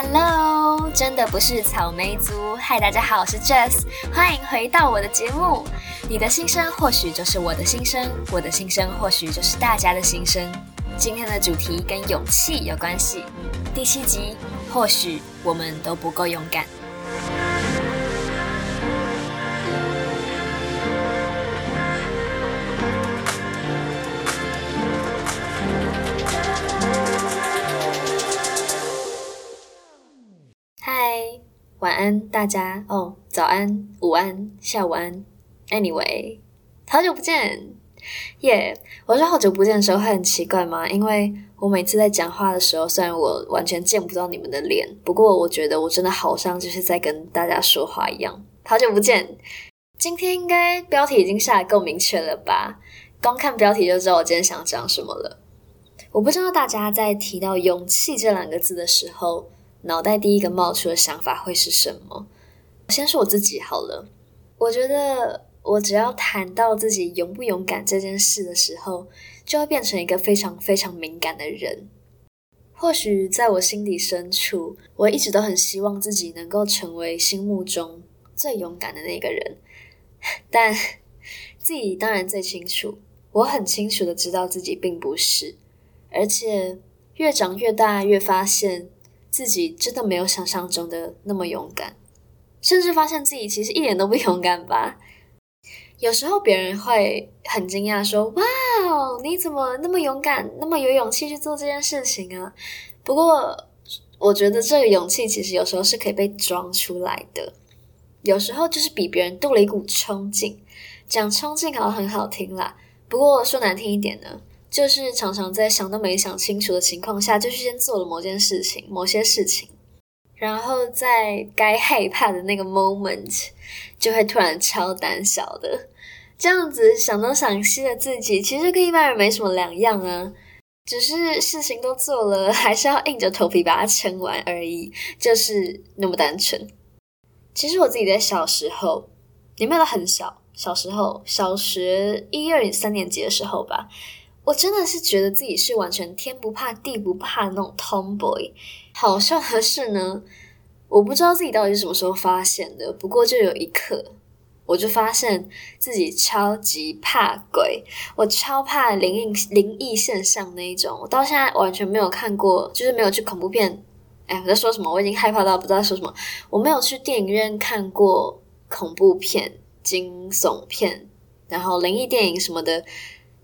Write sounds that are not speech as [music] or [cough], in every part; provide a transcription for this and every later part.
Hello，真的不是草莓族。嗨，大家好，我是 Jess。歡迎回到我的節目。你的心聲或許就是我的心聲，我的心聲或許就是大家的心聲。今天的主題跟勇氣有關係。第七集，或許我們都不夠勇敢。安大家哦，早安、午安、下午安。Anyway，好久不見，耶、yeah！我說好久不見的時候會很奇怪嗎？因為我每次在講話的時候，雖然我完全見不到你們的臉，不過我覺得我真的好像就是在跟大家說話一樣。好久不見，今天應該標題已經下得夠明確了吧？光看標題就知道我今天想講什麼了。我不知道大家在提到“勇氣”這兩個字的時候。腦袋第一個冒出的想法會是什麼？先說我自己好了。我覺得，我只要談到自己勇不勇敢這件事的時候，就會變成一個非常非常敏感的人。或許在我心底深處，我一直都很希望自己能夠成為心目中最勇敢的那個人。但自己當然最清楚，我很清楚的知道自己並不是。而且越長越大，越發現。自己真的沒有想象中的那麼勇敢，甚至發現自己其實一點都不勇敢吧。有時候別人會很驚訝說：“哇哦，你怎麼那麼勇敢，那麼有勇氣去做這件事情啊？”不過，我覺得這個勇氣其實有時候是可以被裝出來的，有時候就是比別人多了一股衝勁。講衝勁好像很好聽啦，不過說難聽一點呢。就是常常在想都沒想清楚的情況下，就是先做了某件事情、某些事情，然後在該害怕的那個 moment 就會突然超膽小的。這樣子想東想西的自己，其實跟一般人沒什麼兩樣啊，只是事情都做了，還是要硬着頭皮把它撐完而已，就是那麼單純。其實我自己在小時候，你們都很小，小時候小學一二三年級的時候吧。我真的是覺得自己是完全天不怕地不怕的那種 tomboy，好像。可是呢，我不知道自己到底是什麼時候發現的。不過就有一刻，我就發現自己超級怕鬼，我超怕靈異靈異現象那一種。我到現在完全沒有看過，就是沒有去恐怖片。哎，我在說什麼？我已經害怕到不知道說什麼。我沒有去電影院看過恐怖片、驚悚片，然後靈異電影什麼的。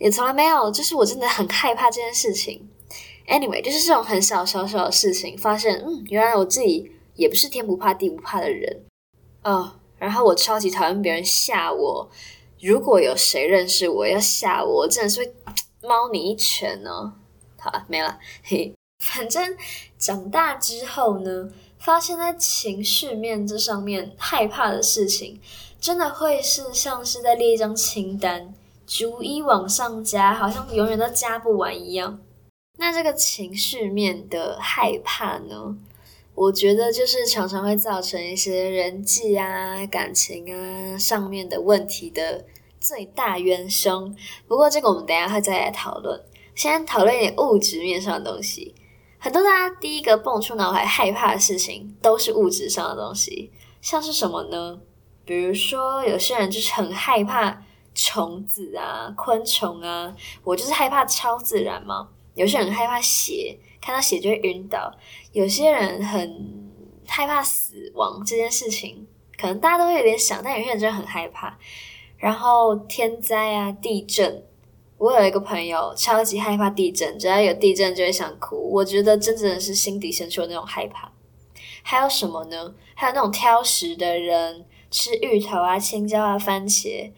也從來沒有，就是我真的很害怕這件事情。Anyway，就是這種很小小小的事情，發現嗯，原來我自己也不是天不怕地不怕的人。哦，然後我超級討厭別人嚇我，如果有誰認識我要嚇我，我真的是會貓你一拳哦。好了，啊，沒了。嘿，反正長大之後呢，發現在情緒面這上面害怕的事情，真的會是像是在列一張清單。逐一往上加，好像永遠都加不完一樣。那這個情緒面的害怕呢？我覺得就是常常會造成一些人際啊、感情啊上面的問題的最大元凶。不過這個我們等一下會再來討論。先討論一點物質面上的東西。很多大家第一個蹦出腦海害怕的事情，都是物質上的東西。像是什麼呢？比如說有些人就是很害怕，蟲子啊，昆蟲啊，我就是害怕超自然嘛。有些人害怕血，看到血就會暈倒；有些人很害怕死亡這件事情，可能大家都會有點想，但有些人真的很害怕。然後天災啊，地震，我有一個朋友超級害怕地震，只要有地震就會想哭。我覺得真正的是心底深處的那種害怕。還有什麼呢？還有那種挑食的人，吃芋頭啊、青椒啊、番茄。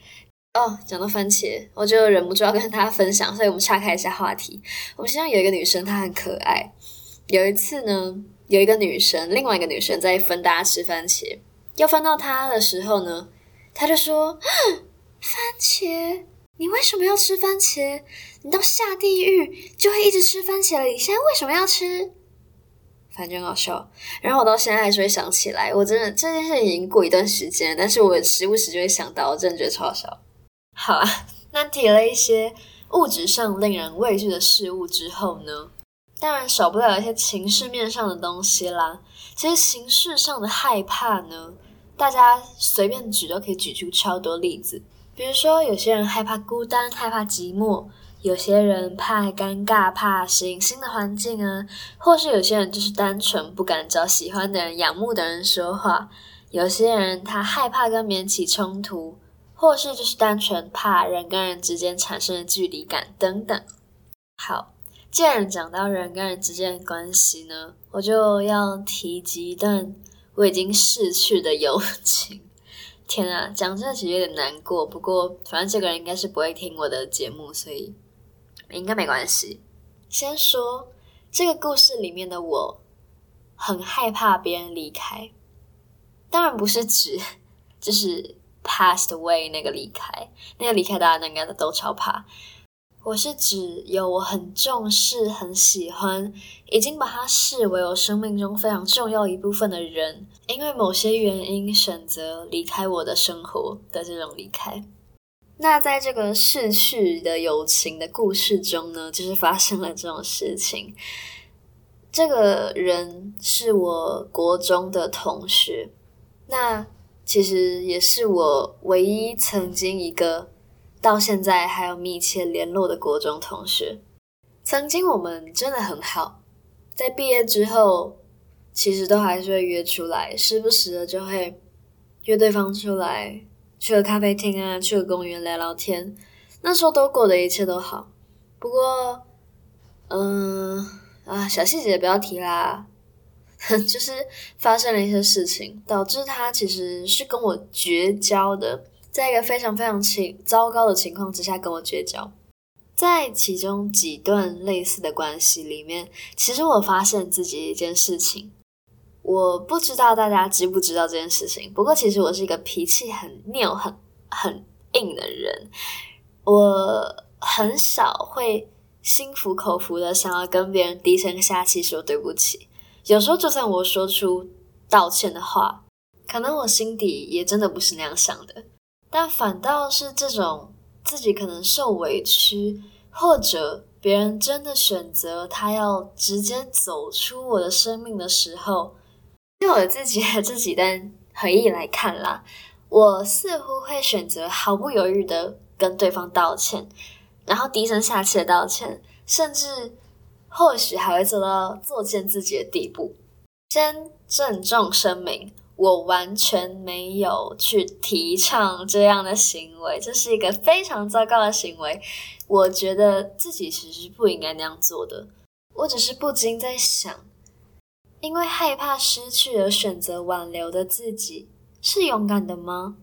哦，講到番茄，我就忍不住要跟大家分享，所以我們岔開一下話題。我們學校有一個女生，她很可愛。有一次呢，有一個女生，另外一個女生在分大家吃番茄，要分到她的時候呢，她就說：“番茄，你為什麼要吃番茄？你到下地獄就會一直吃番茄了，你現在為什麼要吃？”反正好笑。然後我到現在還是會想起來，我真的，這件事已經過一段時間，但是我時不時就會想到，我真的覺得超好笑。好啊，那提了一些物質上令人畏懼的事物之後呢，當然少不了一些情緒面上的東西啦。其實形式上的害怕呢，大家隨便舉都可以舉出超多例子。比如說，有些人害怕孤單，害怕寂寞；有些人怕尷尬，怕適應新的環境啊；或是有些人就是單純不敢找喜歡的人、仰慕的人說話；有些人他害怕跟別人起衝突。或是就是單純怕人跟人之間產生的距離感等等。好，既然講到人跟人之間的關係呢，我就要提及一段我已經逝去的友情。天啊，講這其實有點難過，不過反正這個人應該是不會聽我的節目，所以應該沒關係。先說這個故事裡面的我，很害怕別人離開。當然不是指，就是。passed away 那個離開，那個離開，大家應該都超怕。我是指有我很重視、很喜歡，已經把它視為我生命中非常重要一部分的人，因為某些原因選擇離開我的生活的這種離開。那在這個逝去的友情的故事中呢，就是發生了這種事情。這個人是我國中的同學，那。其實也是我唯一曾經一個到現在還有密切聯絡的國中同學。曾經我們真的很好，在畢業之後，其實都還是會約出來，時不時的就會約對方出來，去個咖啡廳啊，去個公園聊聊天。那時候都過得一切都好，不過，嗯，啊，小細節不要提啦。 [laughs] 就是發生了一些事情，導致他其實是跟我絕交的，在一個非常非常情糟糕的情況之下跟我絕交。在其中幾段類似的關係裡面，其實我發現自己一件事情，我不知道大家知不知道這件事情。不過，其實我是一個脾氣很拗、很很硬的人，我很少會心服口服的想要跟別人低聲下氣說對不起。有時候，就算我說出道歉的話，可能我心底也真的不是那樣想的。但反倒是這種自己可能受委屈，或者別人真的選擇他要直接走出我的生命的時候，用我自己的這幾段回憶來看啦，我似乎會選擇毫不猶豫的跟對方道歉，然後低聲下氣的道歉，甚至。或許還會走到作踐自己的地步。先鄭重聲明，我完全沒有去提倡這樣的行為，這是一個非常糟糕的行為。我覺得自己其實是不應該那樣做的。我只是不禁在想，因為害怕失去而選擇挽留的自己，是勇敢的嗎？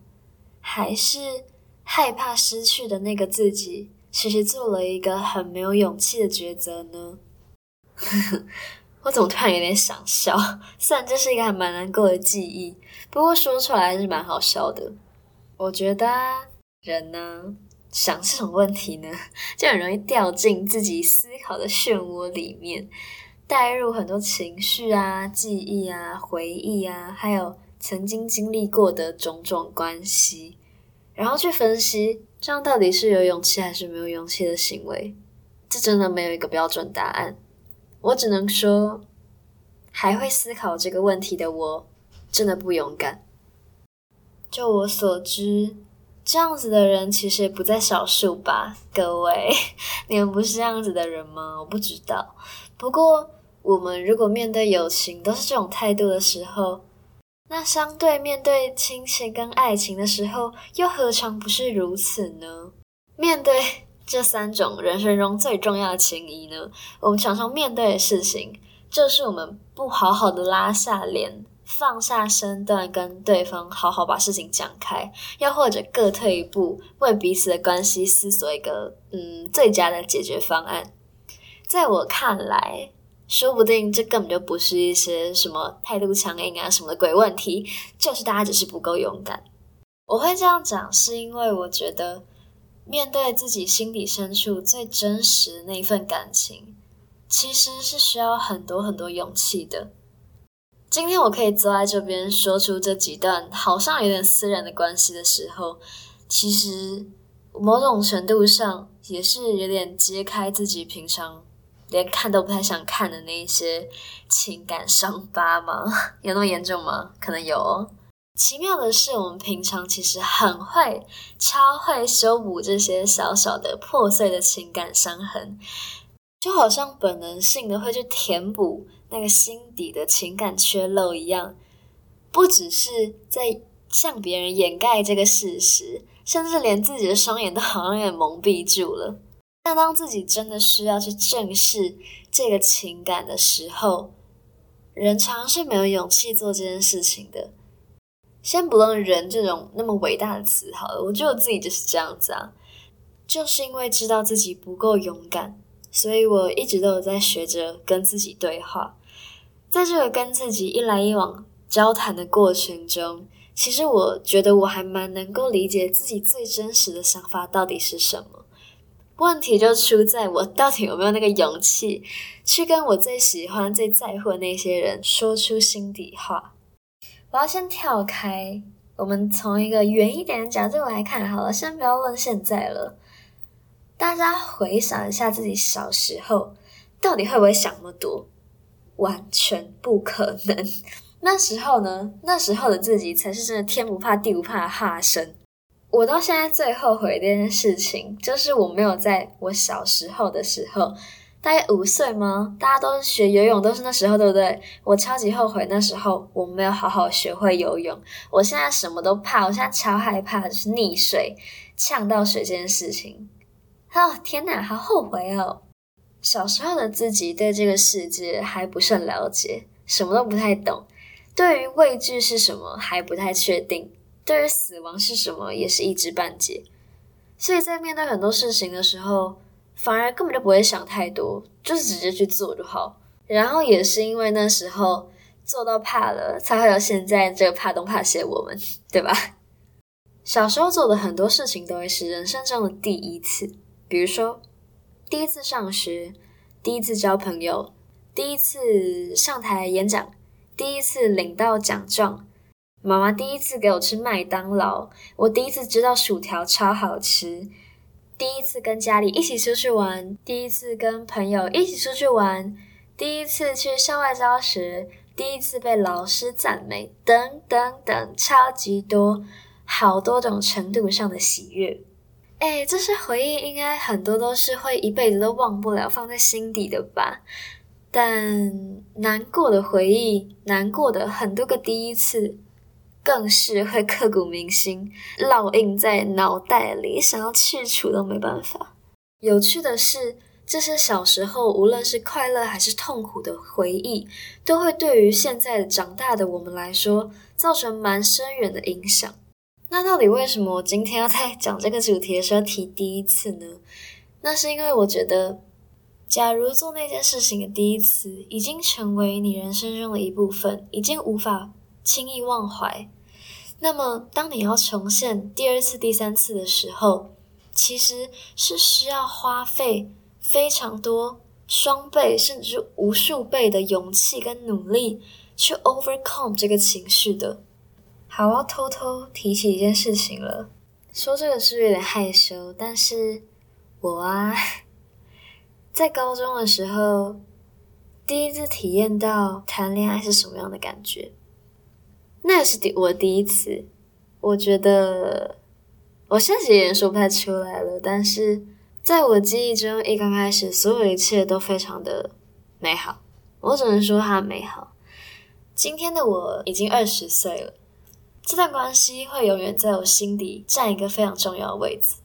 還是害怕失去的那個自己，其實做了一個很沒有勇氣的抉擇呢？呵呵，我怎麼突然有點想笑？雖然這是一個還蠻難過的記憶，不過說出來還是蠻好笑的。我覺得啊，人呢啊，想這種問題呢，就很容易掉進自己思考的漩渦裡面，帶入很多情緒啊、記憶啊、回憶啊，還有曾經經歷過的種種關係，然後去分析這樣到底是有勇氣還是沒有勇氣的行為，這真的沒有一個標準答案。我只能說，還會思考這個問題的我，真的不勇敢。就我所知，這樣子的人其實也不在少數吧？各位，你們不是這樣子的人嗎？我不知道。不過，我們如果面對友情都是這種態度的時候，那相對面對親情跟愛情的時候，又何嘗不是如此呢？面對。這三種人生中最重要的情誼呢，我們常常面對的事情，就是我們不好好的拉下臉，放下身段，跟對方好好把事情講開，又或者各退一步，為彼此的關係思索一個嗯最佳的解決方案。在我看來，說不定這根本就不是一些什麼態度強硬啊什麼的鬼問題，就是大家只是不夠勇敢。我會這樣講，是因為我覺得。面對自己心底深處最真實的那一份感情，其實是需要很多很多勇氣的。今天我可以坐在這邊說出這幾段好像有點私人的關係的時候，其實某種程度上也是有點揭開自己平常連看都不太想看的那一些情感傷疤嗎？有那麼嚴重嗎？可能有哦。奇妙的是，我們平常其實很會、超會修補這些小小的破碎的情感傷痕，就好像本能性的會去填補那個心底的情感缺漏一樣。不只是在向別人掩蓋這個事實，甚至連自己的雙眼都好像也蒙蔽住了。但當自己真的需要去正視這個情感的時候，人常常是沒有勇氣做這件事情的。先不論人這種那麼偉大的詞好了，我覺得我自己就是這樣子啊，就是因為知道自己不夠勇敢，所以我一直都有在學着跟自己對話。在這個跟自己一來一往交談的過程中，其實我覺得我還蠻能夠理解自己最真實的想法到底是什麼。問題就出在我到底有沒有那個勇氣，去跟我最喜歡、最在乎的那些人說出心底話。我要先跳開，我們從一個遠一點的角度來看好了，先不要問現在了。大家回想一下自己小時候，到底會不會想那麼多？完全不可能。 [laughs] 那時候呢，那時候的自己才是真的天不怕地不怕的化身。我到現在最後悔的一件事情，就是我沒有在我小時候的時候。大概五歲嗎？大家都是學游泳，都是那時候，對不對？我超級後悔那時候我沒有好好學會游泳。我現在什麼都怕，我現在超害怕，就是溺水、嗆到水這件事情。哦天哪，好後悔哦！小時候的自己對這個世界還不是很了解，什麼都不太懂，對於畏懼是什麼還不太確定，對於死亡是什麼也是一知半解。所以在面對很多事情的時候。反而根本就不會想太多，就是直接去做就好。然後也是因為那時候做到怕了，才會有現在這個怕東怕西的我們，對吧？小時候做的很多事情都會是人生中的第一次，比如說第一次上學，第一次交朋友，第一次上台演講，第一次領到獎狀，媽媽第一次給我吃麥當勞，我第一次知道薯條超好吃。第一次跟家裡一起出去玩，第一次跟朋友一起出去玩，第一次去校外教學，第一次被老師讚美，等等等，超級多，好多種程度上的喜悅。哎，這些回憶應該很多都是會一輩子都忘不了，放在心底的吧。但難過的回憶，難過的很多個第一次。更是會刻骨銘心，烙印在腦袋裡，想要去除都沒辦法。有趣的是，這些小時候無論是快樂還是痛苦的回憶，都會對於現在長大的我們來說，造成蠻深遠的影響。那到底為什麼我今天要在講這個主題的時候提第一次呢？那是因為我覺得，假如做那件事情的第一次已經成為你人生中的一部分，已經無法。輕易忘懷。那麼，當你要重現第二次、第三次的時候，其實是需要花費非常多、雙倍甚至是無數倍的勇氣跟努力去 overcome 這個情緒的。好，我要偷偷提起一件事情了，說這個是不是有點害羞？但是，我啊，在高中的時候，第一次體驗到談戀愛是什麼樣的感覺。那是第我第一次，我覺得我現在其實也說不太出來了。但是，在我的記憶中，一剛開始，所有一切都非常的美好，我只能說它美好。今天的我已經二十歲了，這段關係會永遠在我心底佔一個非常重要的位置。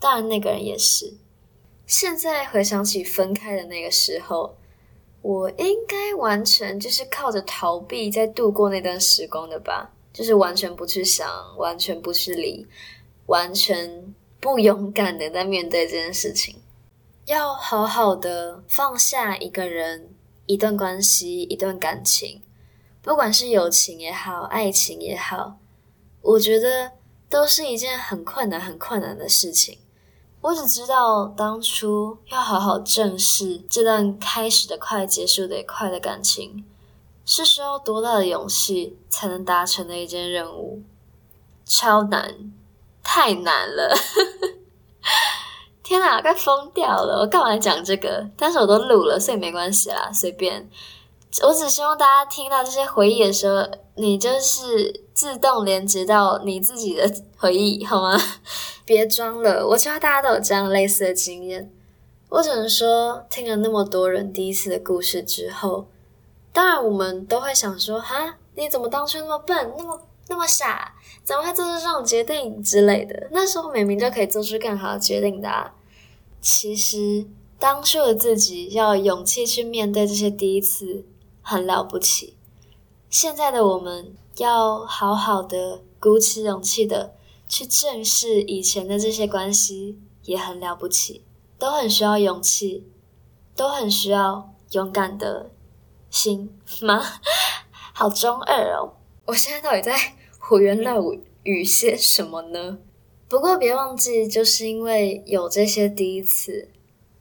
當然，那個人也是。現在回想起分開的那個時候。我應該完全就是靠着逃避在度過那段時光的吧，就是完全不去想，完全不去理，完全不勇敢的在面對這件事情。要好好的放下一個人、一段關係、一段感情，不管是友情也好、愛情也好，我覺得都是一件很困難、很困難的事情。我只知道，當初要好好正視這段開始的快、結束的快的感情，是需要多大的勇氣才能達成的一件任務，超難，太難了！ [laughs] 天哪、啊，快瘋掉了！我幹嘛來講這個？但是我都錄了，所以沒關係啦，隨便。我只希望大家聽到這些回憶的時候，你就是自動連接到你自己的回憶，好嗎？別裝了，我知道大家都有這樣類似的經驗。我只能說，聽了那麼多人第一次的故事之後，當然我們都會想說：哈，你怎麼當初那麼笨，那麼那麼傻，怎麼會做出這種決定之類的？那時候明明就可以做出更好的決定的啊。其實當初的自己要有勇氣去面對這些第一次，很了不起，現在的我們要好好的鼓起勇氣的去正視以前的這些關係，也很了不起，都很需要勇氣，都很需要勇敢的心嗎？好中二哦！我現在到底在胡言亂語些什麼呢？不過別忘記，就是因為有這些第一次，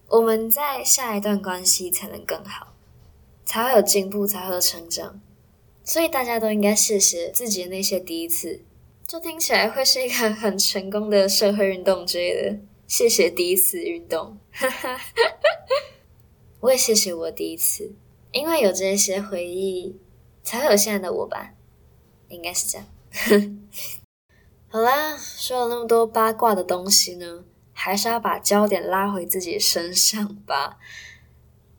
我們在下一段關係才能更好。才會有進步，才會有成長，所以大家都應該謝謝自己的那些第一次。這聽起來會是一個很成功的社會運動之類的。謝謝第一次運動， [laughs] 我也謝謝我第一次，因為有這些回憶，才會有現在的我吧，應該是這樣。 [laughs] 好啦，說了那麼多八卦的東西呢，還是要把焦點拉回自己身上吧。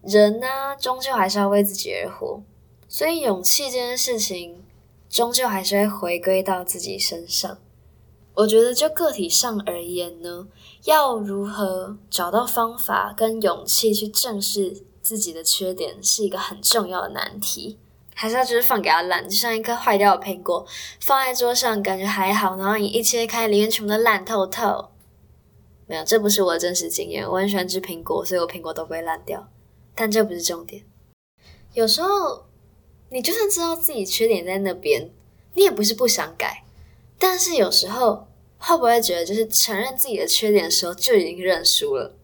人呢、啊，終究還是要為自己而活，所以勇氣這件事情，終究還是會回歸到自己身上。我覺得就個體上而言呢，要如何找到方法跟勇氣去正視自己的缺點，是一個很重要的難題。還是要就是放給它爛，就像一顆壞掉的蘋果放在桌上，感覺還好，然後你一切開，裡面全部都爛透透。沒有，這不是我的真實經驗。我很喜歡吃蘋果，所以我蘋果都不會爛掉。但這不是重點。有時候，你就算知道自己缺點在那邊，你也不是不想改。但是有時候，會不會覺得就是承認自己的缺點的時候就已經認輸了？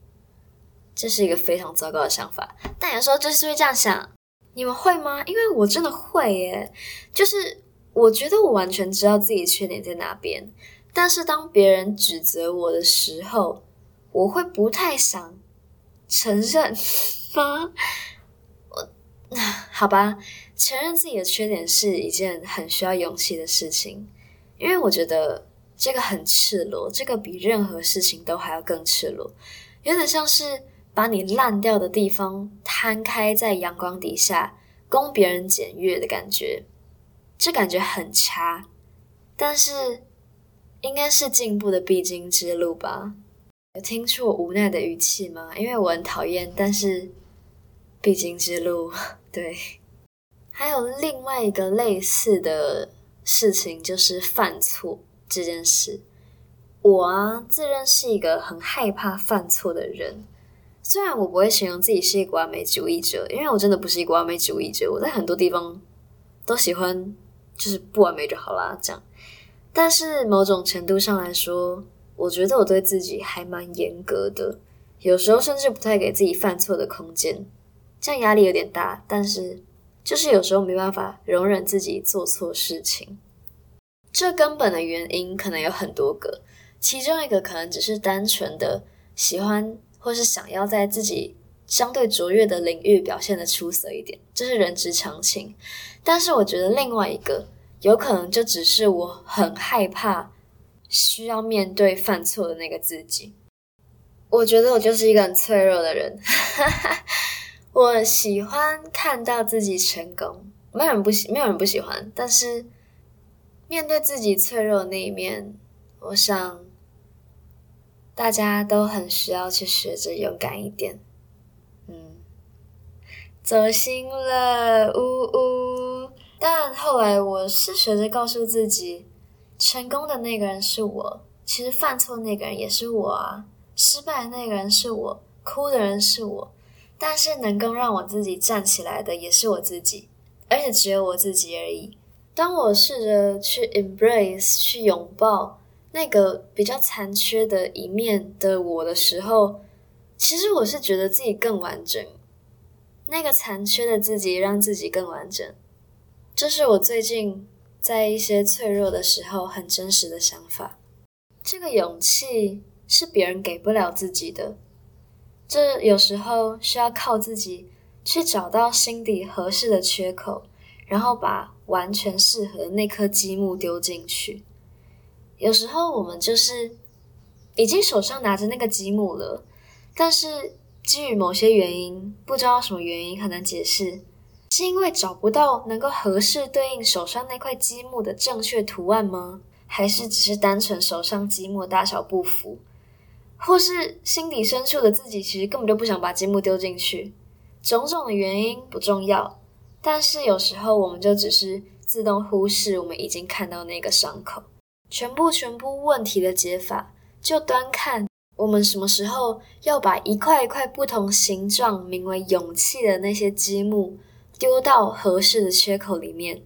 這是一個非常糟糕的想法。但有時候就是會這樣想，你們會嗎？因為我真的會耶。就是我覺得我完全知道自己缺點在哪邊，但是當別人指責我的時候，我會不太想承認。啊，我那好吧，承認自己的缺點是一件很需要勇氣的事情，因為我覺得這個很赤裸，這個比任何事情都還要更赤裸，有點像是把你爛掉的地方攤開在陽光底下供別人檢閱的感覺，這感覺很差，但是應該是進步的必經之路吧？有聽出我無奈的語氣嗎？因為我很討厭，但是。必經之路，對。還有另外一個類似的事情，就是犯錯這件事。我啊，自認是一個很害怕犯錯的人。雖然我不會形容自己是一個完美主義者，因為我真的不是一個完美主義者。我在很多地方都喜歡就是不完美就好啦，這樣。但是某種程度上來說，我覺得我對自己還蠻嚴格的，有時候甚至不太給自己犯錯的空間。這樣壓力有點大，但是就是有時候沒辦法容忍自己做錯事情。這根本的原因可能有很多個，其中一個可能只是單純的喜歡或是想要在自己相對卓越的領域表現得出色一點，這、就是人之常情。但是我覺得另外一個有可能就只是我很害怕需要面對犯錯的那個自己。我覺得我就是一個很脆弱的人。 [laughs] 我喜歡看到自己成功，沒有人不喜，沒有人不喜歡。但是面對自己脆弱的那一面，我想大家都很需要去學着勇敢一點。嗯，走心了，嗚嗚。但後來我是學着告訴自己，成功的那個人是我，其實犯錯的那個人也是我啊，失敗的那個人是我，哭的人是我。但是能夠讓我自己站起來的也是我自己，而且只有我自己而已。當我試着去 embrace 去擁抱那個比較殘缺的一面的我的時候，其實我是覺得自己更完整。那個殘缺的自己讓自己更完整，這、就是我最近在一些脆弱的時候很真實的想法。這個勇氣是別人給不了自己的。這有時候需要靠自己去找到心底合適的缺口，然後把完全適合的那顆積木丟進去。有時候我們就是已經手上拿着那個積木了，但是基於某些原因，不知道什麼原因很難解釋，是因為找不到能夠合適對應手上那塊積木的正確圖案嗎？還是只是單純手上積木大小不符？或是心底深處的自己，其實根本就不想把積木丟進去。種種的原因不重要，但是有時候我們就只是自動忽視我們已經看到那個傷口。全部全部問題的解法，就端看我們什麼時候要把一塊一塊不同形狀、名為勇氣的那些積木丟到合適的缺口裡面。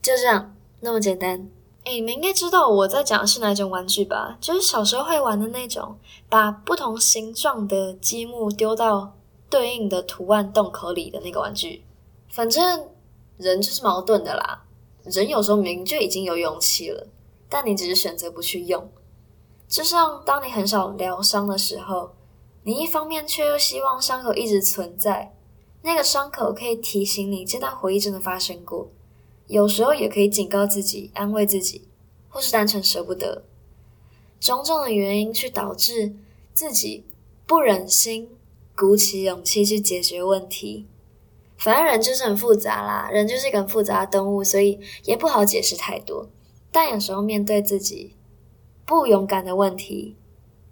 就這樣，那麼簡單。誒，你們應該知道我在講的是哪種玩具吧？就是小時候會玩的那種，把不同形狀的積木丟到對應的圖案洞口裡的那個玩具。反正人就是矛盾的啦，人有時候明明就已經有勇氣了，但你只是選擇不去用。就像當你很少療傷的時候，你一方面卻又希望傷口一直存在，那個傷口可以提醒你這段回憶真的發生過。有時候也可以警告自己、安慰自己，或是單純捨不得，種種的原因去導致自己不忍心鼓起勇氣去解決問題。反正人就是很複雜啦，人就是一個很複雜的動物，所以也不好解釋太多。但有時候面對自己不勇敢的問題，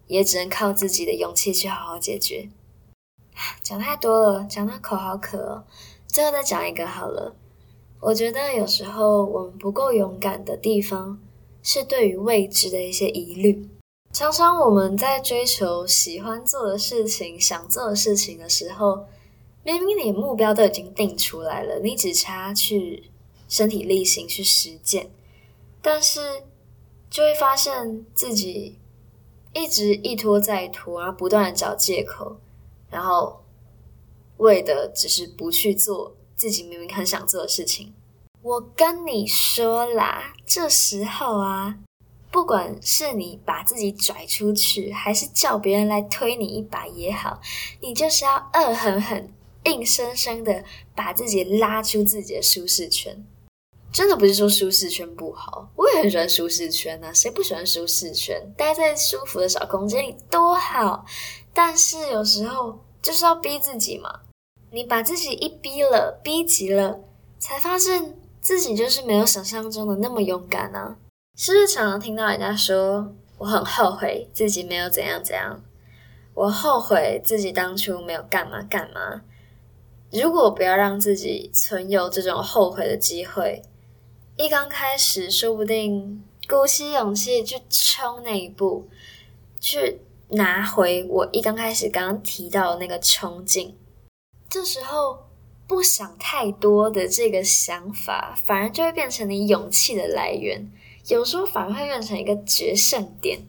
也只能靠自己的勇氣去好好解決。講太多了，講到口好渴哦，最後再講一個好了。我覺得有時候我們不夠勇敢的地方，是對於未知的一些疑慮。常常我們在追求喜歡做的事情、想做的事情的時候，明明你的目標都已經定出來了，你只差去身體力行去實踐，但是就會發現自己一直一拖再拖，而不斷的找借口，然後為的只是不去做自己明明很想做的事情。我跟你說啦，這時候啊，不管是你把自己拽出去，還是叫別人來推你一把也好，你就是要惡狠狠、硬生生的把自己拉出自己的舒適圈。真的不是說舒適圈不好，我也很喜歡舒適圈吶、啊。誰不喜歡舒適圈？待在舒服的小空間裡多好。但是有時候就是要逼自己嘛，你把自己一逼了，逼急了，才發現。自己就是沒有想象中的那麼勇敢啊。是不是常常聽到人家說我很後悔自己沒有怎樣怎樣，我後悔自己當初沒有幹嘛幹嘛。如果不要讓自己存有這種後悔的機會，一剛開始說不定鼓起勇氣去衝那一步，去拿回我一剛開始剛剛提到的那個衝勁，這時候。不想太多的這個想法，反而就會變成你勇氣的來源，有時候反而會變成一個決勝點。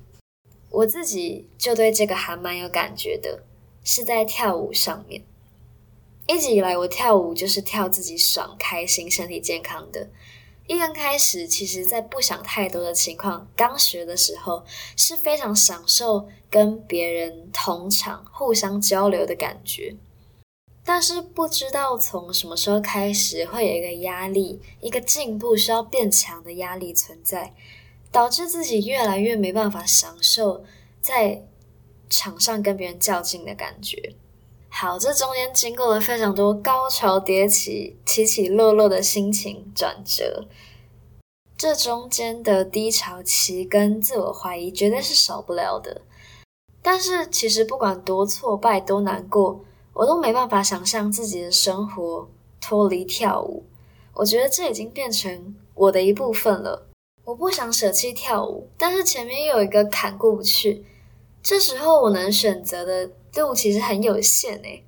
我自己就對這個還蠻有感覺的，是在跳舞上面。一直以來，我跳舞就是跳自己爽、開心、身體健康的。一剛開始，其實在不想太多的情況，剛學的時候是非常享受跟別人同場、互相交流的感覺。但是不知道從什麼時候開始，會有一個壓力，一個進步需要變強的壓力存在，導致自己越來越沒辦法享受在場上跟別人較勁的感覺。好，這中間經過了非常多高潮迭起、起起落落的心情轉折，這中間的低潮期跟自我懷疑絕對是少不了的。但是其實不管多挫敗、多難過。我都沒辦法想象自己的生活脫離跳舞，我覺得這已經變成我的一部分了。我不想捨棄跳舞，但是前面又有一個坎過不去，這時候我能選擇的路其實很有限誒，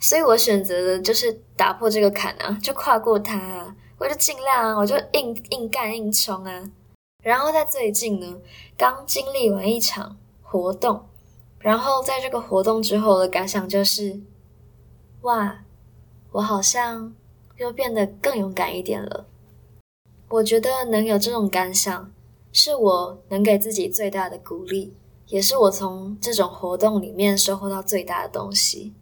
所以我選擇的就是打破這個坎啊，就跨過它啊，我就盡量啊，我就硬硬幹硬衝啊。然後在最近呢，剛經歷完一場活動，然後在這個活動之後的感想就是。哇，我好像又變得更勇敢一點了。我覺得能有這種感想，是我能給自己最大的鼓勵，也是我從這種活動裡面收穫到最大的東西。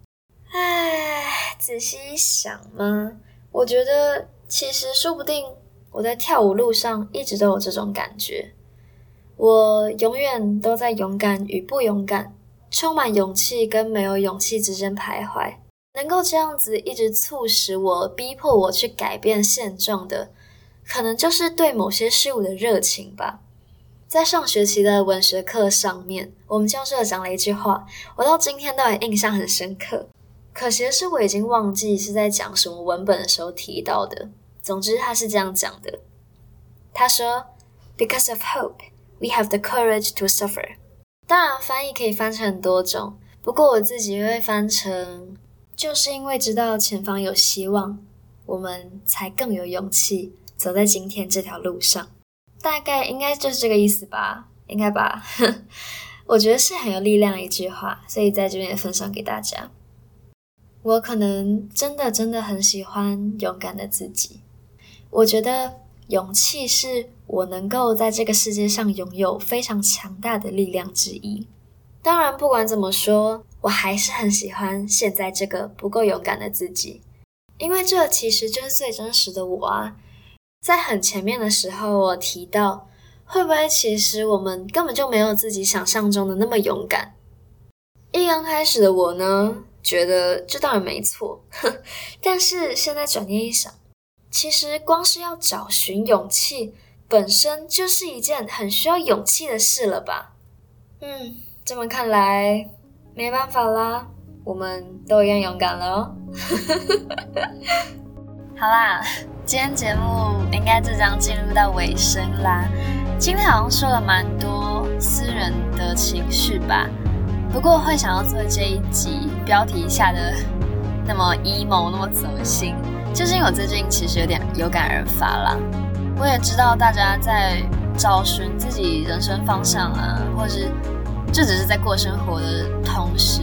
唉，仔細一想嘛，我覺得其實說不定我在跳舞路上一直都有這種感覺，我永遠都在勇敢與不勇敢、充滿勇氣跟沒有勇氣之間徘徊。能夠這樣子一直促使我、逼迫我去改變現狀的，可能就是對某些事物的熱情吧。在上學期的文學課上面，我們教授講了一句話，我到今天都還印象很深刻。可惜的是，我已經忘記是在講什麼文本的時候提到的。總之，他是這樣講的：“他說，because of hope, we have the courage to suffer。”當然，翻譯可以翻成很多種，不過我自己會翻成。就是因為知道前方有希望，我們才更有勇氣走在今天這條路上。大概應該就是這個意思吧，應該吧。 [laughs] 我覺得是很有力量的一句話，所以在這邊也分享給大家。我可能真的真的很喜歡勇敢的自己。我覺得勇氣是我能夠在這個世界上擁有非常強大的力量之一。當然，不管怎麼說。我還是很喜歡現在這個不夠勇敢的自己，因為這其實就是最真實的我啊。在很前面的時候，我提到會不會其實我們根本就沒有自己想象中的那麼勇敢。一剛開始的我呢，覺得這當然沒錯呵，但是現在轉念一想，其實光是要找尋勇氣本身就是一件很需要勇氣的事了吧？嗯，這麼看來。沒辦法啦，我們都一樣勇敢了哦。 [laughs] 好啦，今天節目應該即將進入到尾聲啦。今天好像說了蠻多私人的情緒吧，不過我會想要做這一集標題下的那麼 emo 那麼走心，就是因為我最近其實有點有感而發啦。我也知道大家在找尋自己人生方向啊，或者是。這只是在過生活的同時，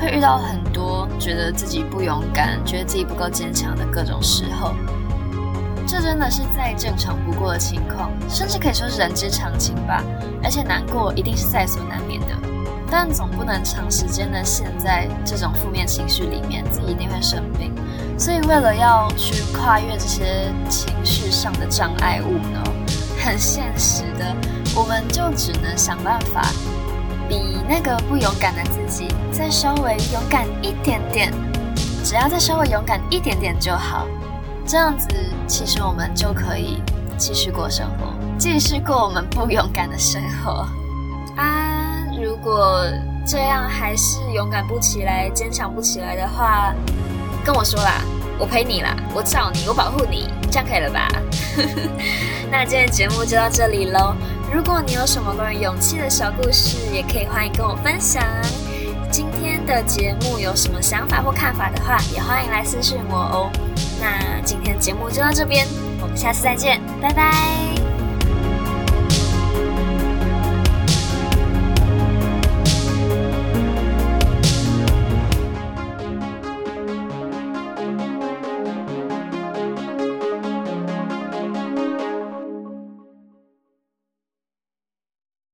會遇到很多覺得自己不勇敢、覺得自己不夠堅強的各種時候。這真的是再正常不過的情況，甚至可以說是人之常情吧。而且難過一定是在所難免的，但總不能長時間的陷在這種負面情緒裡面，自己一定會生病。所以為了要去跨越這些情緒上的障礙物呢，很現實的，我們就只能想辦法。比那個不勇敢的自己再稍微勇敢一點點，只要再稍微勇敢一點點就好。這樣子，其實我們就可以繼續過生活，繼續過我們不勇敢的生活啊！如果這樣還是勇敢不起來、堅強不起來的話，跟我說啦，我陪你啦，我罩你，我保護你，這樣可以了吧？ [laughs] 那今天節目就到這裡嘍。如果你有什麼關於勇氣的小故事，也可以歡迎跟我分享。今天的節目有什麼想法或看法的話，也歡迎來私信我哦。那今天節目就到這邊，我們下次再見，拜拜。